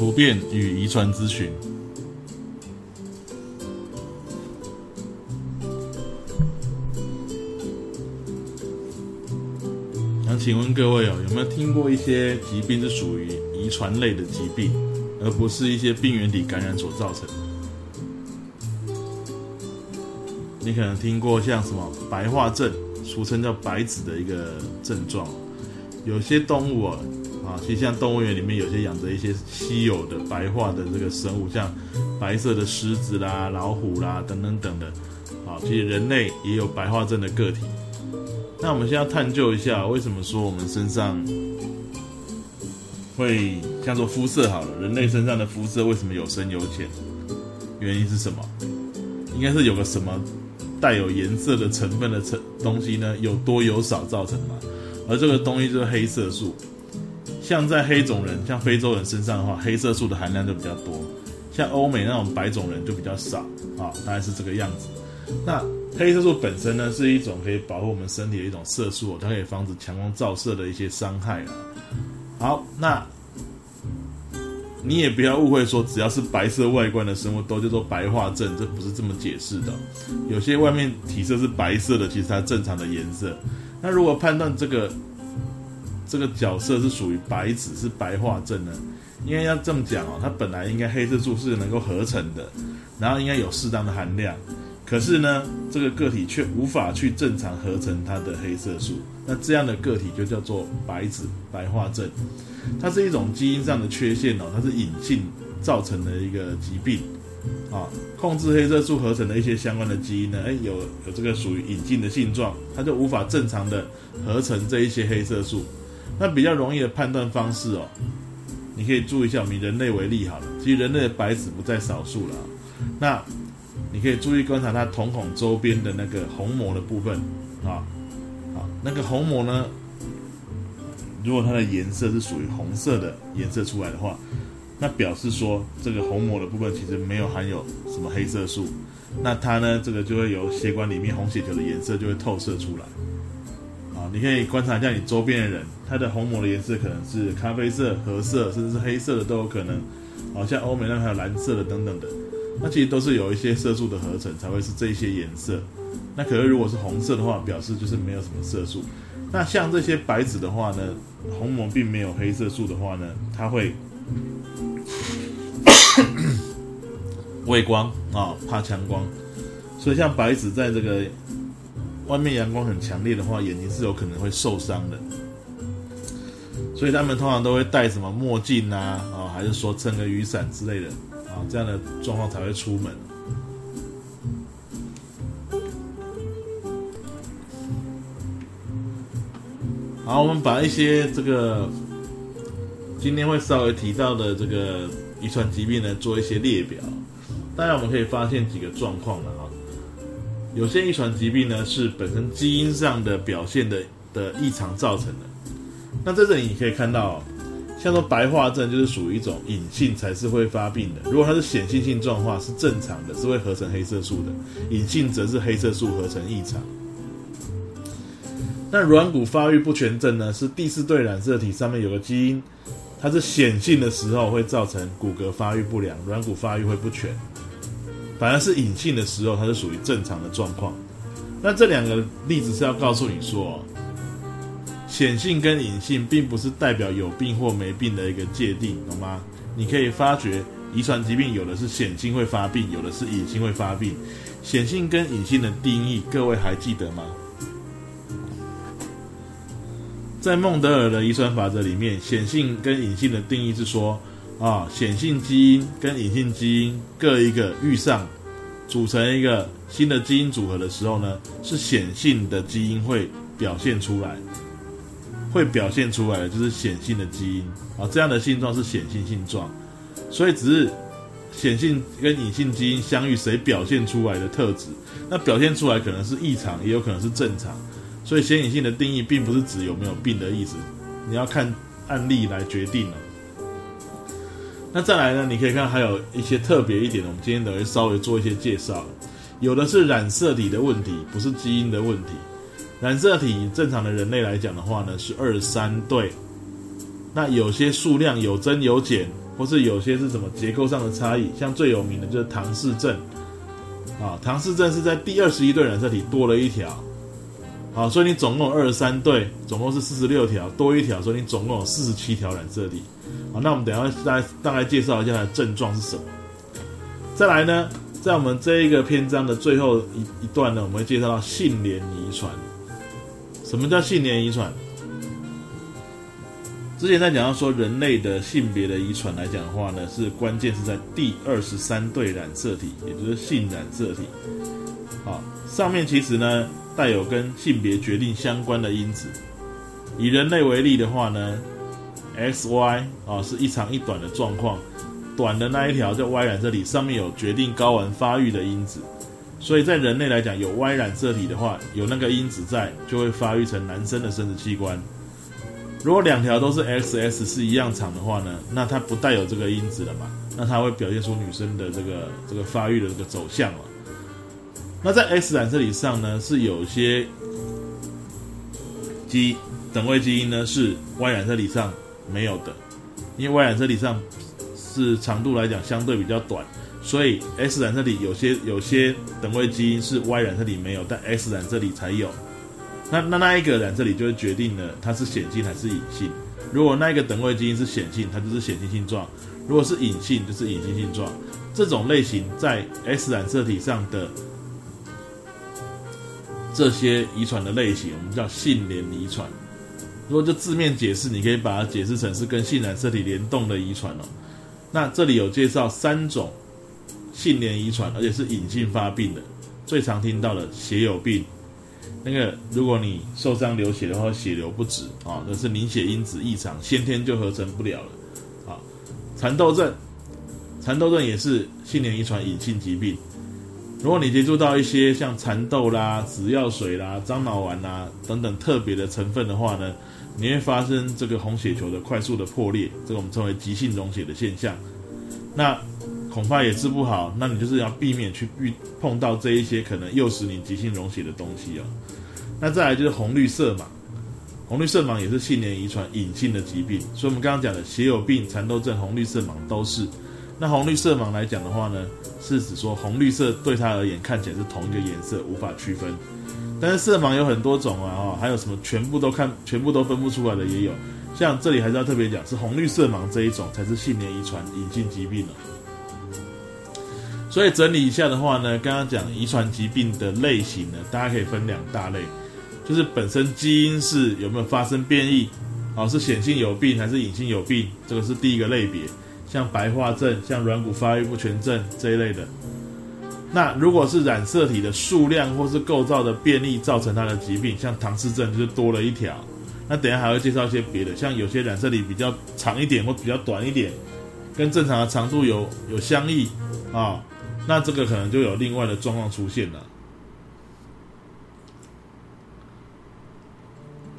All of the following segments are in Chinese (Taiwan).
普遍與遺傳諮詢。想，啊，請問各位哦，有沒有聽過一些疾病是屬於遺傳類的疾病，而不是一些病原體感染所造成？你可能聽過像什麼白化症，俗稱叫白子的一個症狀，有些動物啊啊，其實像動物園裡面有些養着一些稀有的白化的這個生物，像白色的獅子啦、老虎啦等等等等的。好，其實人類也有白化症的個體。那我們現在探究一下，為什麼說我們身上會像做膚色好了，人類身上的膚色為什麼有深有淺？原因是什麼？應該是有個什麼帶有顏色的成分的成東西呢？有多有少造成的？而這個東西就是黑色素。像在黑種人、像非洲人身上的話，黑色素的含量就比較多；像歐美那種白種人就比較少啊，哦，大概是這個樣子。那黑色素本身呢，是一種可以保護我們身體的一種色素，它可以防止強光照射的一些傷害啊。好，那你也不要誤會，說只要是白色外觀的生物都叫做白化症，這不是這麼解釋的。有些外面體色是白色的，其實它正常的顏色。那如果判斷這個。這個角色是屬於白子，是白化症呢？應該要這麼講哦，它，本來應該黑色素是能夠合成的，然後應該有適當的含量，可是呢，這個個體卻無法去正常合成它的黑色素。那這樣的個體就叫做白子，白化症。它是一種基因上的缺陷哦，它是隱性造成的一個疾病啊。控制黑色素合成的一些相關的基因呢，誒有有這個屬於隱性的性狀，它就無法正常的合成這一些黑色素。那比較容易的判斷方式哦，你可以注意一下，我們以人類為例好了，其實人類的白子不在少數了，啊。那你可以注意觀察它瞳孔周邊的那個虹膜的部分啊，啊，那個虹膜呢，如果它的顏色是屬於紅色的顏色出來的話，那表示說，這個虹膜的部分其實沒有含有什麼黑色素，那它呢，這個就會由血管裡面紅血球的顏色就會透射出來。你可以觀察一下你周邊的人，他的虹膜的顏色可能是咖啡色、褐色，甚至是黑色的都有可能。好像歐美那還有藍色的等等的，那其實都是有一些色素的合成才會是這些顏色。那可是如果是紅色的話，表示就是沒有什麼色素。那像這些白子的話呢，虹膜並沒有黑色素的話呢，它會畏 光啊、哦，怕強光。所以像白子在這個。外面陽光很強烈的話，眼睛是有可能會受傷的，所以他們通常都會戴什麼墨鏡啊，啊，還是說撐個雨傘之類的，啊，這樣的狀況才會出門。好，我們把一些這個今天會稍微提到的這個遺傳疾病呢，做一些列表。大家我們可以發現幾個狀況的啊。有些遺傳疾病呢，是本身基因上的表現的的異常造成的。那在這裡你可以看到，像說白化症就是屬於一種隱性才是會發病的。如果它是顯性性狀的話是正常的，是會合成黑色素的；隱性則是黑色素合成異常。那軟骨發育不全症呢，是第四對染色體上面有個基因，它是顯性的時候會造成骨骼發育不良，軟骨發育會不全。反而是隱性的時候，它是屬於正常的狀況。那這兩個例子是要告訴你說，哦，顯性跟隱性並不是代表有病或沒病的一個界定，懂嗎？你可以發覺，遺傳疾病有的是顯性會發病，有的是隱性會發病。顯性跟隱性的定義，各位還記得嗎？在孟德爾的遺傳法則裡面，顯性跟隱性的定義是說，啊，顯性基因跟隱性基因各一個遇上。組成一個新的基因組合的時候呢，是顯性的基因會表現出來，會表現出來的就是顯性的基因啊，這樣的性狀是顯性性狀。所以只是顯性跟隱性基因相遇，誰表現出來的特質，那表現出來可能是異常，也有可能是正常，所以顯隱性的定義並不是指有沒有病的意思，你要看案例來決定了。那再來呢？你可以看還有一些特別一點的，我們今天等會稍微做一些介紹。有的是染色體的問題，不是基因的問題。染色體正常的人類來講的話呢，是二十三對。那有些數量有增有減，或是有些是什麼結構上的差異，像最有名的就是唐氏症，啊，唐氏症是在第二十一對染色體多了一條。好，所以你總共有二十三對，總共是四十六條，多一條，所以你總共有四十七條染色體。好，那我們等一下大概介紹一下它的症狀是什麼。再來呢，在我們這一個篇章的最後一一段呢，我們會介紹到性聯遺傳。什麼叫性聯遺傳？之前在講到說人類的性別的遺傳來講的話呢，是關鍵是在第二十三對染色體，也就是性染色體。好，上面其實呢。帶有跟性別決定相關的因子，以人類為例的話呢，X Y 啊、哦、是一長一短的狀況，短的那一條叫 Y 染色體，上面有決定睾丸發育的因子。所以在人類來講，有 Y 染色體的話，有那個因子在，就會發育成男生的生殖器官。如果兩條都是 X X 是一樣長的話呢，那它不帶有這個因子了嘛，那它會表現出女生的這個這個發育的這個走向嘛。那在 X 染色體上呢，是有些基等位基因呢，是 Y 染色體上沒有的，因為 Y 染色體上是長度來講相對比較短，所以 X 染色體有些有些等位基因是 Y 染色體沒有，但 X 染色體才有那。那那那一個染色體就會決定了它是顯性還是隱性。如果那一個等位基因是顯性，它就是顯性性狀；如果是隱性，就是隱性性狀。這種類型在 X 染色體上的。這些遺傳的類型，我們叫性聯遺傳。如果就字面解釋，你可以把它解釋成是跟性染色體聯動的遺傳哦。那這裡有介紹三種性聯遺傳，而且是隱性發病的，最常聽到的血友病。那個如果你受傷流血的話，血流不止啊，那是凝血因子異常，先天就合成不了了啊。蠶豆症，蠶豆症也是性聯遺傳隱性疾病。如果你接觸到一些像蠶豆啦、紫藥水啦、樟腦丸啦、啊、等等特別的成分的話呢，你會發生這個紅血球的快速的破裂，這個我們稱為急性溶血的現象。那恐怕也治不好，那你就是要避免去遇碰到這一些可能誘使你急性溶血的東西哦。那再來就是紅綠色盲，紅綠色盲也是性聯遺傳隱性的疾病，所以我們剛剛講的血友病、蠶豆症、紅綠色盲都是。那紅綠色盲來講的話呢，是指說紅綠色對他而言看起來是同一個顏色，無法區分。但是色盲有很多種啊，還有什麼全部都看，全部都分不出來的也有。像這裡還是要特別講，是紅綠色盲這一種才是性聯遺傳隱性疾病哦、啊。所以整理一下的話呢，剛剛講遺傳疾病的類型呢，大家可以分兩大類，就是本身基因是有沒有發生變異，哦、啊，是顯性有病還是隱性有病，這個是第一個類別。像白化症，像軟骨發育不全症這一類的，那如果是染色體的數量或是構造的變異造成它的疾病，像唐氏症就是多了一條。那等下還會介紹一些別的，像有些染色體比較長一點或比較短一點，跟正常的長度有有相異啊、哦，那這個可能就有另外的狀況出現了。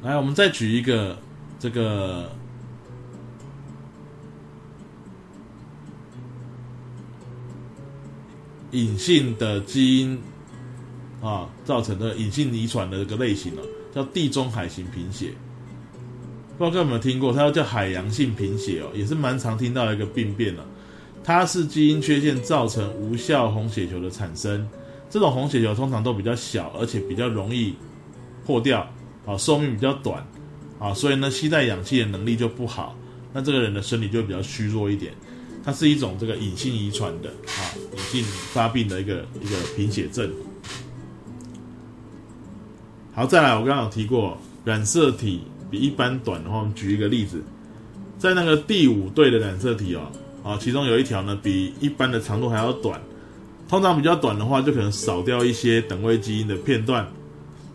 來，我們再舉一個這個。隱性的基因啊造成的隱性遺傳的一個類型了、喔，叫地中海型貧血。不知道各位有沒有聽過，它叫海洋性貧血哦、喔，也是蠻常聽到一個病變了、喔。它是基因缺陷造成無效紅血球的產生，這種紅血球通常都比較小，而且比較容易破掉啊，壽命比較短啊，所以呢，攜帶氧氣的能力就不好，那這個人的身體就比較虛弱一點。它是一種這個隱性遺傳的啊，隱性發病的一個一個貧血症。好，再來，我剛剛有提過，染色體比一般短的話，我們舉一個例子，在那個第五對的染色體哦，啊，其中有一條呢比一般的長度還要短，通常比較短的話，就可能少掉一些等位基因的片段。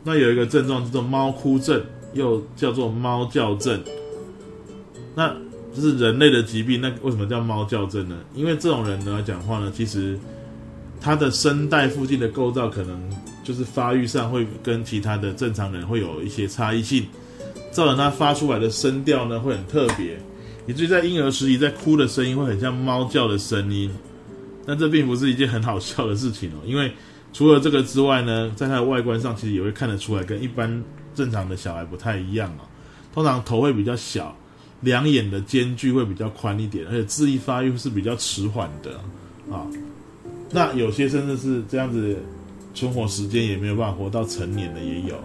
那有一個症狀叫做貓哭症，又叫做貓叫症。那這是人類的疾病，那為什麼叫貓叫症呢？因為這種人呢講話呢，其實他的聲帶附近的構造可能就是發育上會跟其他的正常人會有一些差異性，造成他發出來的聲調呢會很特別。以至於在嬰兒時期在哭的聲音會很像貓叫的聲音，但這並不是一件很好笑的事情哦、喔。因為除了這個之外呢，在他的外觀上其實也會看得出來跟一般正常的小孩不太一樣哦、喔，通常頭會比較小。兩眼的間距會比較寬一點，而且智力發育是比較遲緩的啊、哦。那有些甚至是這樣子，存活時間也沒有辦法活到成年的也有。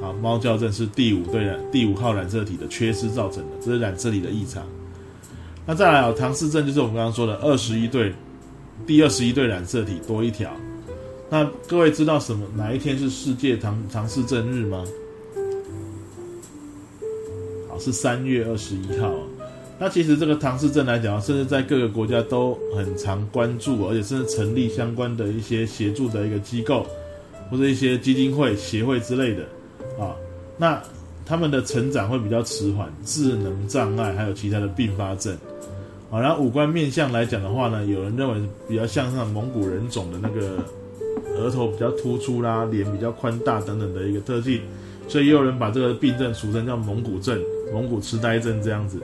好，貓叫症是第五對染，第五號染色體的缺失造成的，這是染色體的異常。那再來啊、哦，唐氏症就是我們剛剛說的二十一對，第二十一對染色體多一條。那各位知道什麼，哪一天是世界唐，唐氏症日嗎？是三月二十一號。那其實這個唐氏症來講，甚至在各個國家都很常關注，而且甚至成立相關的一些協助的一個機構，或者一些基金會、協會之類的啊。那他們的成長會比較遲緩，智能障礙還有其他的併發症啊。然後五官面相來講的話呢，有人認為比較像像蒙古人種的那個額頭比較突出啦、啊，臉比較寬大等等的一個特性，所以也有人把這個病症俗稱叫蒙古症。蒙古痴呆症，這樣子，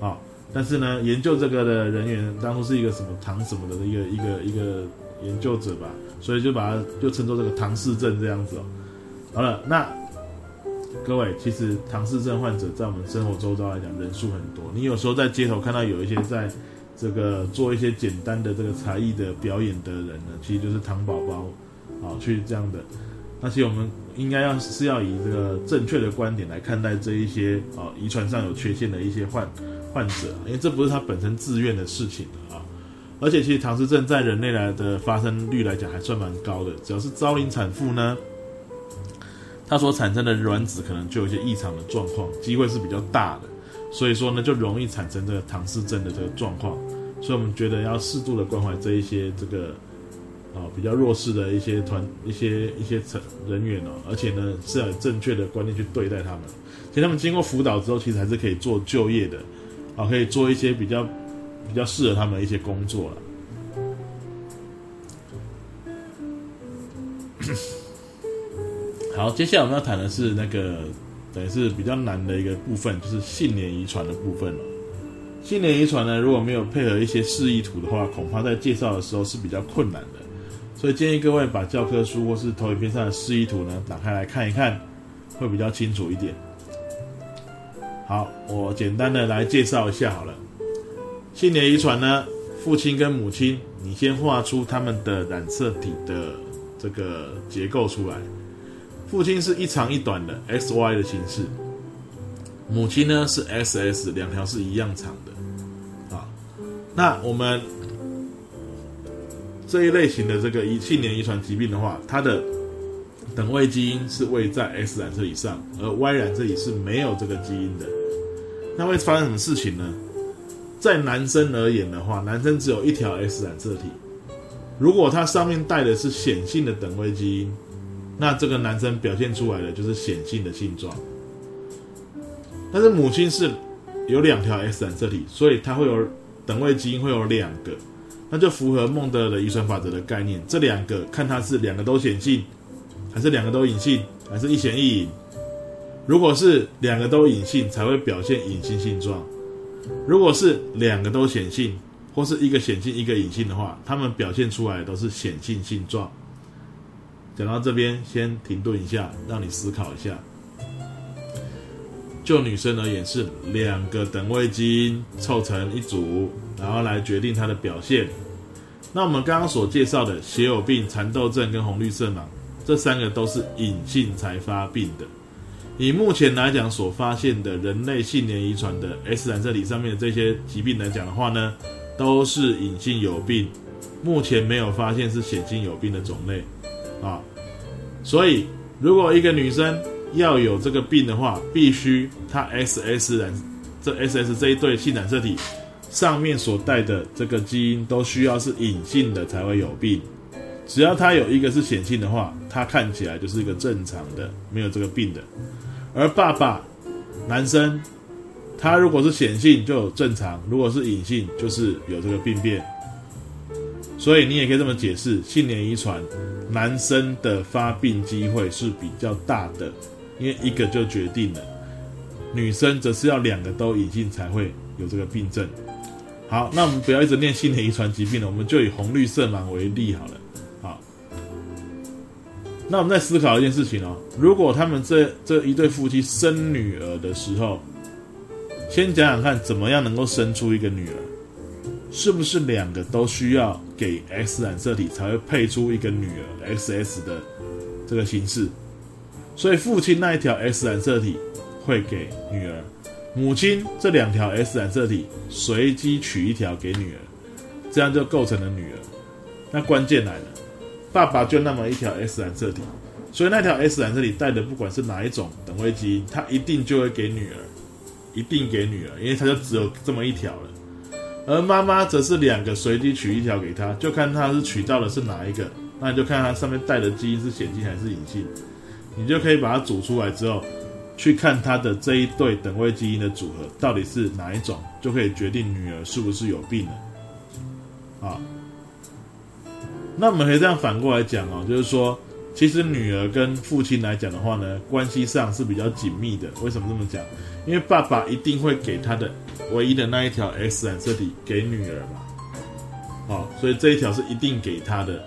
啊、哦，但是呢，研究這個的人員當初是一個什麼唐什麼的一個一個一個研究者吧，所以就把它就稱作這個唐氏症這樣子哦。好了，那各位其實唐氏症患者在我們生活周遭來講人數很多，你有時候在街頭看到有一些在這個做一些簡單的這個才藝的表演的人呢，其實就是唐寶寶啊，去這樣的。那其實我們應該要是要以這個正確的觀點來看待這一些啊遺傳上有缺陷的一些患患者，因為這不是他本身自願的事情啊。而且其實唐氏症在人類來的發生率來講還算蠻高的，只要是高齡產婦呢，它所產生的卵子可能就有一些異常的狀況，機會是比較大的，所以說呢，就容易產生這個唐氏症的這個狀況。所以我們覺得要適度的關懷這一些這個。啊、哦，比較弱勢的一些團、一些一些成人員哦，而且呢，是要有正確的觀念去對待他們。其實他們經過輔導之後，其實還是可以做就業的，啊、哦，可以做一些比較比較適合他們的一些工作了。 好，接下來我們要談的是那個等於是比較難的一個部分，就是性聯遺傳的部分了、哦。性聯遺傳呢，如果沒有配合一些示意圖的話，恐怕在介紹的時候是比較困難的。所以建議各位把教科書或是投影片上的示意圖呢打開來看一看，會比較清楚一點。好，我簡單的來介紹一下好了。性聯遺傳呢，父親跟母親，你先畫出他們的染色體的這個結構出來。父親是一長一短的 XY 的形式，母，母親呢是 SS 兩條是一樣長的啊。那我們。這一類型的這個性聯遺傳疾病的話，它的等位基因是位在 X 染色體上，而 Y 染色體是沒有這個基因的。那會發生什麼事情呢？在男生而言的話，男生只有一條 X 染色體，如果它上面帶的是顯性的等位基因，那這個男生表現出來的就是顯性的性狀。但是母親是有兩條 X 染色體，所以它會有等位基因會有兩個。那就符合孟德爾的遺傳法則的概念。這兩個看它是兩個都顯性，還是兩個都隱性，還是一顯一隱。如果是兩個都隱性，才會表現隱性性狀；如果是兩個都顯性，或是一個顯性一個隱性的話，它們表現出來都是顯性性狀。講到這邊，先停頓一下，讓你思考一下。就女生而言是兩個等位基因湊成一組。然後來決定它的表現。那我們剛剛所介紹的血友病、蠶豆症跟紅綠色盲，這三個都是隱性才發病的。以目前來講所發現的人類性聯遺傳的 X 染色體上面的這些疾病來講的話呢，都是隱性有病，目前沒有發現是顯性有病的種類啊。所以如果一個女生要有這個病的話，必須她 XX 染這 XX 這一對性染色體。上面所帶的這個基因都需要是隱性的才會有病，只要他有一個是顯性的話，他看起來就是一個正常的，沒有這個病的。而爸爸，男生，他如果是顯性就有正常，如果是隱性就是有這個病變。所以你也可以這麼解釋：性聯遺傳，男生的發病機會是比較大的，因為一個就決定了。女生則是要兩個都隱性才會有這個病症。好，那我們不要一直念新的遺傳疾病了，我們就以紅綠色盲為例好了。好，那我們再思考一件事情哦，如果他們這這一對夫妻生女兒的時候，先講講看怎麼樣能夠生出一個女兒，是不是兩個都需要給 X 染色體才會配出一個女兒 XX 的這個形式？所以父親那一條 X 染色體會給女兒。母親這兩條 X 染色體隨機取一條給女兒，這樣就構成了女兒。那關鍵來了，爸爸就那麼一條 X 染色體，所以那條 X 染色體帶的不管是哪一種等位基因，它一定就會給女兒，一定給女兒，因為它就只有這麼一條了。而媽媽則是兩個隨機取一條給她，就看她是取到的是哪一個，那你就看它上面帶的基因是顯性還是隱性，你就可以把它組出來之後。去看他的這一對等位基因的組合到底是哪一種，就可以決定女兒是不是有病了。啊，那我們可以這樣反過來講哦，就是說，其實女兒跟父親來講的話呢，關係上是比較緊密的。為什麼這麼講？因為爸爸一定會給他的唯一的那一條 X 染色體給女兒嘛。好，所以這一條是一定給他的。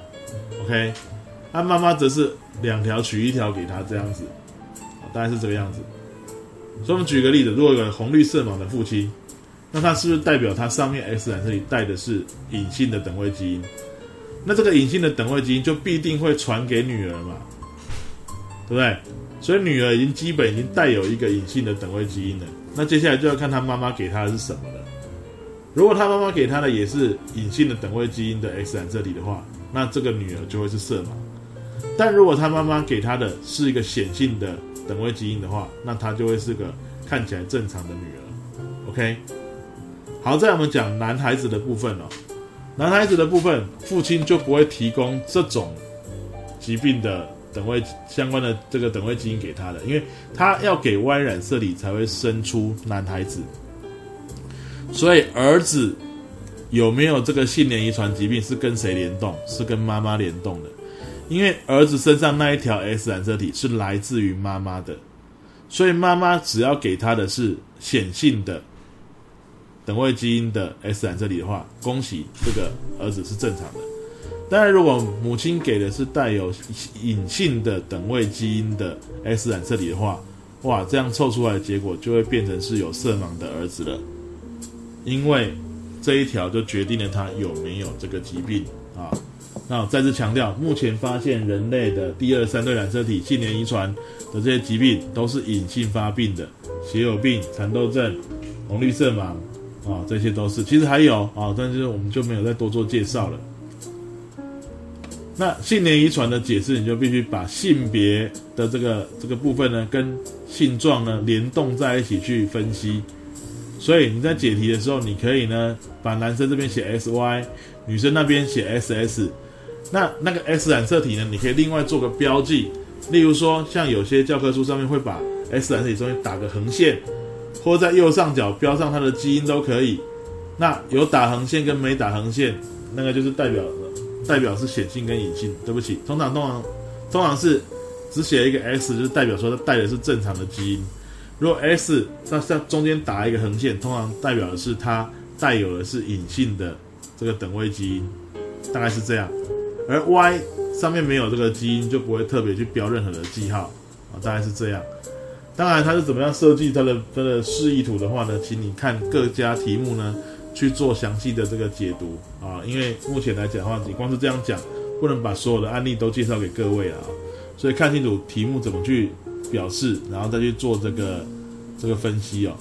OK，那媽媽則是兩條取一條給他，這樣子。大概是這個樣子，所以我們舉個例子，如果有紅綠色盲的父親，那他是不是代表他上面 X 染色體帶的是隱性的等位基因？那這個隱性的等位基因就必定會傳給女兒嘛，對不對？所以女兒已經基本已經帶有一個隱性的等位基因了。那接下來就要看她媽媽給她的是什麼了。如果他媽媽給他的也是隱性的等位基因的 X 染色體的話，那這個女兒就會是色盲。但如果他媽媽給他的是一個顯性的等位基因的話，那他就會是個看起來正常的女兒。OK，好，再我們講男孩子的部分哦，男孩子的部分，父親就不會提供這種疾病的等位相關的這個等位基因給他的，因為他要給 Y 染色體才會生出男孩子。所以兒子有沒有這個性聯遺傳疾病是跟誰聯動？是跟媽媽聯動的。因為兒子身上那一條 X 染色體是來自於媽媽的，所以媽媽只要給他的是顯性的等位基因的 X 染色體的話，恭喜這個兒子是正常的。當然，如果母親給的是帶有隱性的等位基因的 X 染色體的話，哇，這樣湊出來的結果就會變成是有色盲的兒子了。因為這一條就決定了他有沒有這個疾病啊。那、哦、再次強調，目前發現人類的第二、三對染色體性聯遺傳的這些疾病，都是隱性發病的，血友病、蠶豆症、紅綠色盲，啊、哦，這些都是。其實還有啊、哦，但是我們就沒有再多做介紹了。那性聯遺傳的解釋，你就必須把性別的這個這個部分呢，跟性狀呢連動在一起去分析。所以你在解題的時候，你可以呢，把男生這邊寫 S Y，女生那邊寫 S S。那那個 X 染色體呢？你可以另外做個標記，例如說，像有些教科書上面會把 X 染色體中間打個橫線，或在右上角標上它的基因都可以。那有打橫線跟沒打橫線，那個就是代表代表是顯性跟隱性，對不起，通常通常通常是只寫一個 X 就是代表說它帶的是正常的基因。如果 X 它在中間打一個橫線，通常代表的是它帶有的是隱性的這個等位基因，大概是這樣。而 Y 上面沒有這個基因，就不會特別去標任何的記號啊，大概是這樣。當然，它是怎麼樣設計它的它的示意圖的話呢？請你看各家題目呢去做詳細的這個解讀啊，因為目前來講的話，你光是這樣講，不能把所有的案例都介紹給各位啊。所以看清楚題目怎麼去表示，然後再去做這個這個分析哦。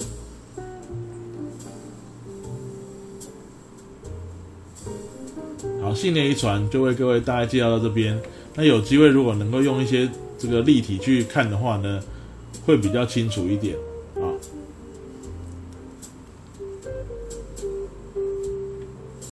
性聯遺傳，就為各位大概介紹到這邊。那有機會，如果能夠用一些這個立體去看的話呢，會比較清楚一點。